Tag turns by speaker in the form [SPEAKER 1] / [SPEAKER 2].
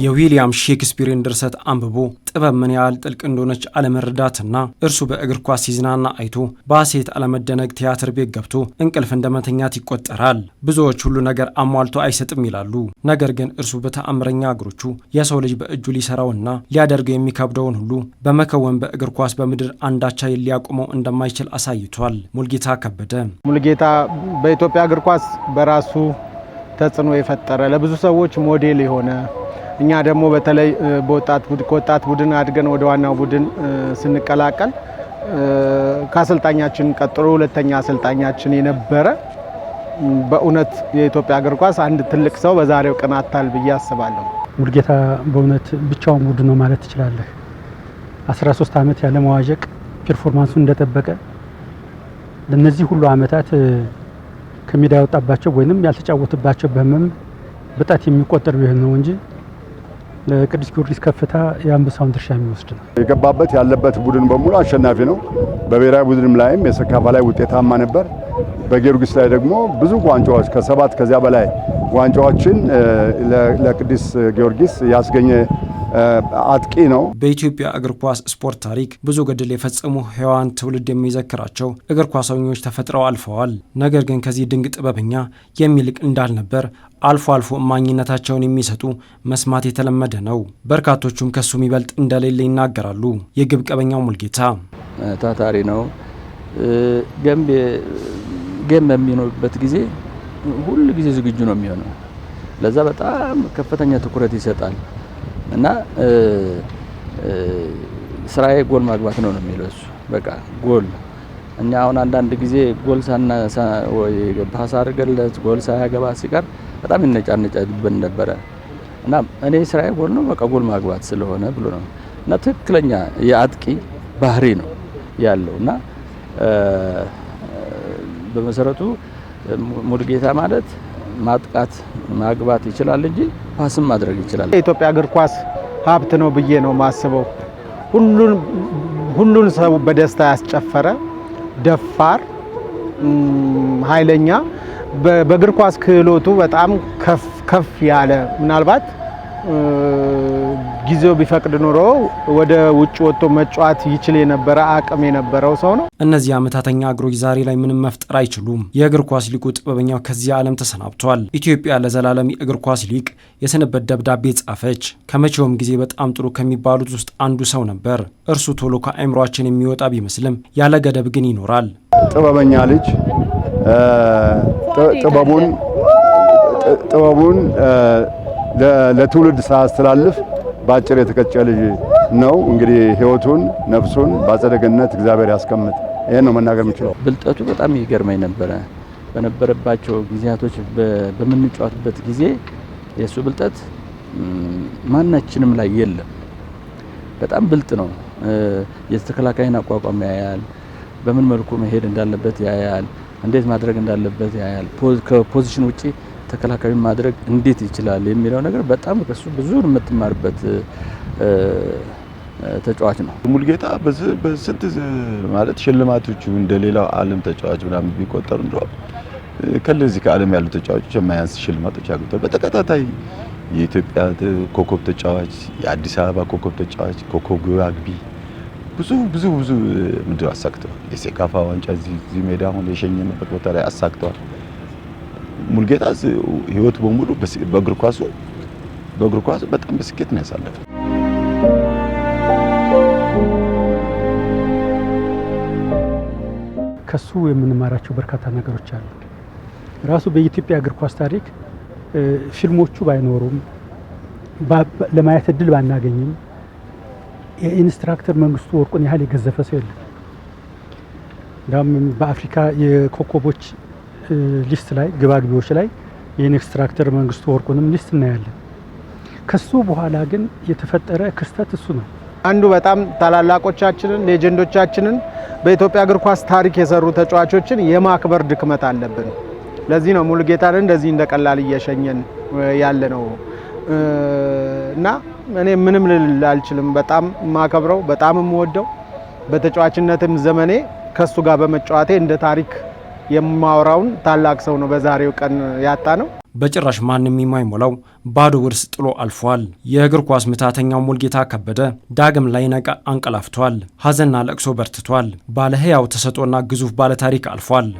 [SPEAKER 1] የዊሊያም ሼክስፒርን ድርሰት አንብቦ ጥበብ ምን ያህል ጥልቅ እንደሆነች አለመረዳትና እርሱ በእግር ኳስ ሲዝናና አይቶ በሐሴት አለመደነቅ ቲያትር ቤት ገብቶ እንቅልፍ እንደመተኛት ይቆጠራል። ብዙዎች ሁሉ ነገር አሟልቶ አይሰጥም ይላሉ። ነገር ግን እርሱ በተአምረኛ እግሮቹ የሰው ልጅ በእጁ ሊሰራውና ሊያደርገው የሚከብደውን ሁሉ በመከወን በእግር ኳስ በምድር አንዳቻ ሊያቆመው እንደማይችል አሳይቷል። ሙልጌታ ከበደ
[SPEAKER 2] ሙልጌታ በኢትዮጵያ እግር ኳስ በራሱ ተጽዕኖ የፈጠረ ለብዙ ሰዎች ሞዴል የሆነ እኛ ደግሞ በተለይ ከወጣት ቡድን አድገን ወደ ዋናው ቡድን ስንቀላቀል ከአሰልጣኛችን ቀጥሎ ሁለተኛ አሰልጣኛችን የነበረ በእውነት የኢትዮጵያ እግር ኳስ አንድ ትልቅ ሰው በዛሬው ቀን አታል ብዬ አስባለሁ።
[SPEAKER 3] ሙሉጌታ በእውነት ብቻውን ቡድን ነው ማለት ትችላለህ። 13 ዓመት ያለ መዋዠቅ ፔርፎርማንሱን እንደጠበቀ ለነዚህ ሁሉ ዓመታት ከሜዳ ያወጣባቸው ወይንም ያልተጫወትባቸው በህመም በጣት የሚቆጠር ቢሆን ነው እንጂ ለቅዱስ ጊዮርጊስ ከፍታ የአንበሳውን ድርሻ የሚወስድ ነው።
[SPEAKER 4] የገባበት ያለበት ቡድን በሙሉ አሸናፊ ነው። በብሔራዊ ቡድንም ላይም የሰካፋ ላይ ውጤታማ ነበር። በጊዮርጊስ ላይ ደግሞ ብዙ ዋንጫዎች ከሰባት ከዚያ በላይ ዋንጫዎችን ለቅዱስ ጊዮርጊስ ያስገኘ አጥቂ ነው።
[SPEAKER 1] በኢትዮጵያ እግር ኳስ ስፖርት ታሪክ ብዙ ገድል የፈጸሙ ሕያዋን ትውልድ የሚዘክራቸው እግር ኳሰኞች ተፈጥረው አልፈዋል። ነገር ግን ከዚህ ድንቅ ጥበበኛ የሚልቅ እንዳልነበር አልፎ አልፎ እማኝነታቸውን የሚሰጡ መስማት የተለመደ ነው። በርካቶቹም ከሱ የሚበልጥ እንደሌለ ይናገራሉ። የግብ ቀበኛው ሙልጌታ
[SPEAKER 5] ታታሪ ነው። ጌም በሚኖርበት ጊዜ ሁል ጊዜ ዝግጁ ነው የሚሆነው። ለዛ በጣም ከፍተኛ ትኩረት ይሰጣል። እና ስራዬ ጎል ማግባት ነው ነው የሚለው እሱ በቃ ጎል እኛ አሁን አንዳንድ ጊዜ ጎል ሳና ወይ ፓስ አድርገለት ጎል ሳያገባ ሲቀር በጣም ይነጫነጫብን ነበረ እና እኔ ስራዬ ጎል ነው በቃ ጎል ማግባት ስለሆነ ብሎ ነው እና ትክክለኛ የአጥቂ ባህሪ ነው ያለው እና በመሰረቱ ሙድጌታ ማለት ማጥቃት ማግባት ይችላል እንጂ ፓስም ማድረግ ይችላል።
[SPEAKER 2] የኢትዮጵያ እግር ኳስ ሀብት ነው ብዬ ነው ማስበው። ሁሉን ሰው በደስታ ያስጨፈረ ደፋር፣ ኃይለኛ በእግር ኳስ ክህሎቱ በጣም ከፍ ከፍ ያለ ምናልባት ጊዜው ቢፈቅድ ኑሮ ወደ ውጭ ወጥቶ መጫወት ይችል የነበረ አቅም የነበረው ሰው ነው።
[SPEAKER 1] እነዚህ አመታተኛ እግሮች ዛሬ ላይ ምንም መፍጠር አይችሉም። የእግር ኳስ ሊቁ ጥበበኛው ከዚህ ዓለም ተሰናብቷል። ኢትዮጵያ ለዘላለም የእግር ኳስ ሊቅ የሰነበት ደብዳቤ ጻፈች። ከመቼውም ጊዜ በጣም ጥሩ ከሚባሉት ውስጥ አንዱ ሰው ነበር። እርሱ ቶሎ ከአእምሯችን የሚወጣ ቢመስልም ያለ ገደብ ግን ይኖራል።
[SPEAKER 4] ጥበበኛ ልጅ ጥበቡን ለትውልድ ሳያስተላልፍ በአጭር የተቀጨ ልጅ ነው። እንግዲህ ህይወቱን ነፍሱን በአጸደ ገነት እግዚአብሔር ያስቀምጥ። ይህን ነው መናገር የምችለው።
[SPEAKER 5] ብልጠቱ በጣም ይገርመኝ ነበረ። በነበረባቸው ጊዜያቶች በምንጫወትበት ጊዜ የእሱ ብልጠት ማናችንም ላይ የለም። በጣም ብልጥ ነው። የተከላካይን አቋቋም ያያል። በምን መልኩ መሄድ እንዳለበት ያያል። እንዴት ማድረግ እንዳለበት ያያል። ከፖዚሽን ውጪ ተከላካይ ማድረግ እንዴት ይችላል የሚለው ነገር በጣም ከሱ ብዙ የምትማርበት ተጫዋች ነው።
[SPEAKER 4] ሙልጌታ በስንት ማለት ሽልማቶቹ እንደሌላው ዓለም ተጫዋች ምናምን ቢቆጠር እንደ ከለዚህ ከዓለም ያሉ ተጫዋቾች የማያንስ ሽልማቶች አግኝቷል። በተከታታይ የኢትዮጵያ ኮከብ ተጫዋች፣ የአዲስ አበባ ኮከብ ተጫዋች፣ ኮከብ ግብ አግቢ ብዙ ብዙ ብዙ ምድር አሳክተዋል። የሴካፋ ዋንጫ እዚህ ሜዳ አሁን የሸኘንበት ቦታ ላይ አሳክተዋል። ሙልጌታ ህይወቱ በሙሉ በእግር ኳሱ በእግር ኳሱ በጣም በስኬት ነው ያሳለፈው።
[SPEAKER 3] ከሱ የምንማራቸው በርካታ ነገሮች አሉ። ራሱ በኢትዮጵያ እግር ኳስ ታሪክ ፊልሞቹ ባይኖሩም ለማየት እድል ባናገኝም የኢንስትራክተር መንግስቱ ወርቁን ያህል የገዘፈ ሰው የለም። እንዳውም በአፍሪካ የኮከቦች ሊስት ላይ ግባግቢዎች ላይ ይህን ኤክስትራክተር መንግስቱ ወርቁንም ሊስት እናያለን። ከሱ በኋላ ግን የተፈጠረ ክስተት እሱ ነው።
[SPEAKER 2] አንዱ በጣም ታላላቆቻችንን ሌጀንዶቻችንን በኢትዮጵያ እግር ኳስ ታሪክ የሰሩ ተጫዋቾችን የማክበር ድክመት አለብን። ለዚህ ነው ሙሉጌታን እንደዚህ ቀላል እየሸኘን ያለ ነው እና እኔ ምንም ልል አልችልም። በጣም ማከብረው፣ በጣም የምወደው በተጫዋችነትም ዘመኔ ከሱ ጋር በመጫወቴ እንደ ታሪክ የማወራውን ታላቅ ሰው ነው በዛሬው ቀን ያጣ ነው።
[SPEAKER 1] በጭራሽ ማንም የማይሞላው ባዶ ውርስ ጥሎ አልፏል። የእግር ኳስ ምታተኛው ሙልጌታ ከበደ ዳግም ላይ ነቃ አንቀላፍቷል። ሐዘንና ለቅሶ በርትቷል። ባለህያው ተሰጦና ግዙፍ ባለታሪክ አልፏል።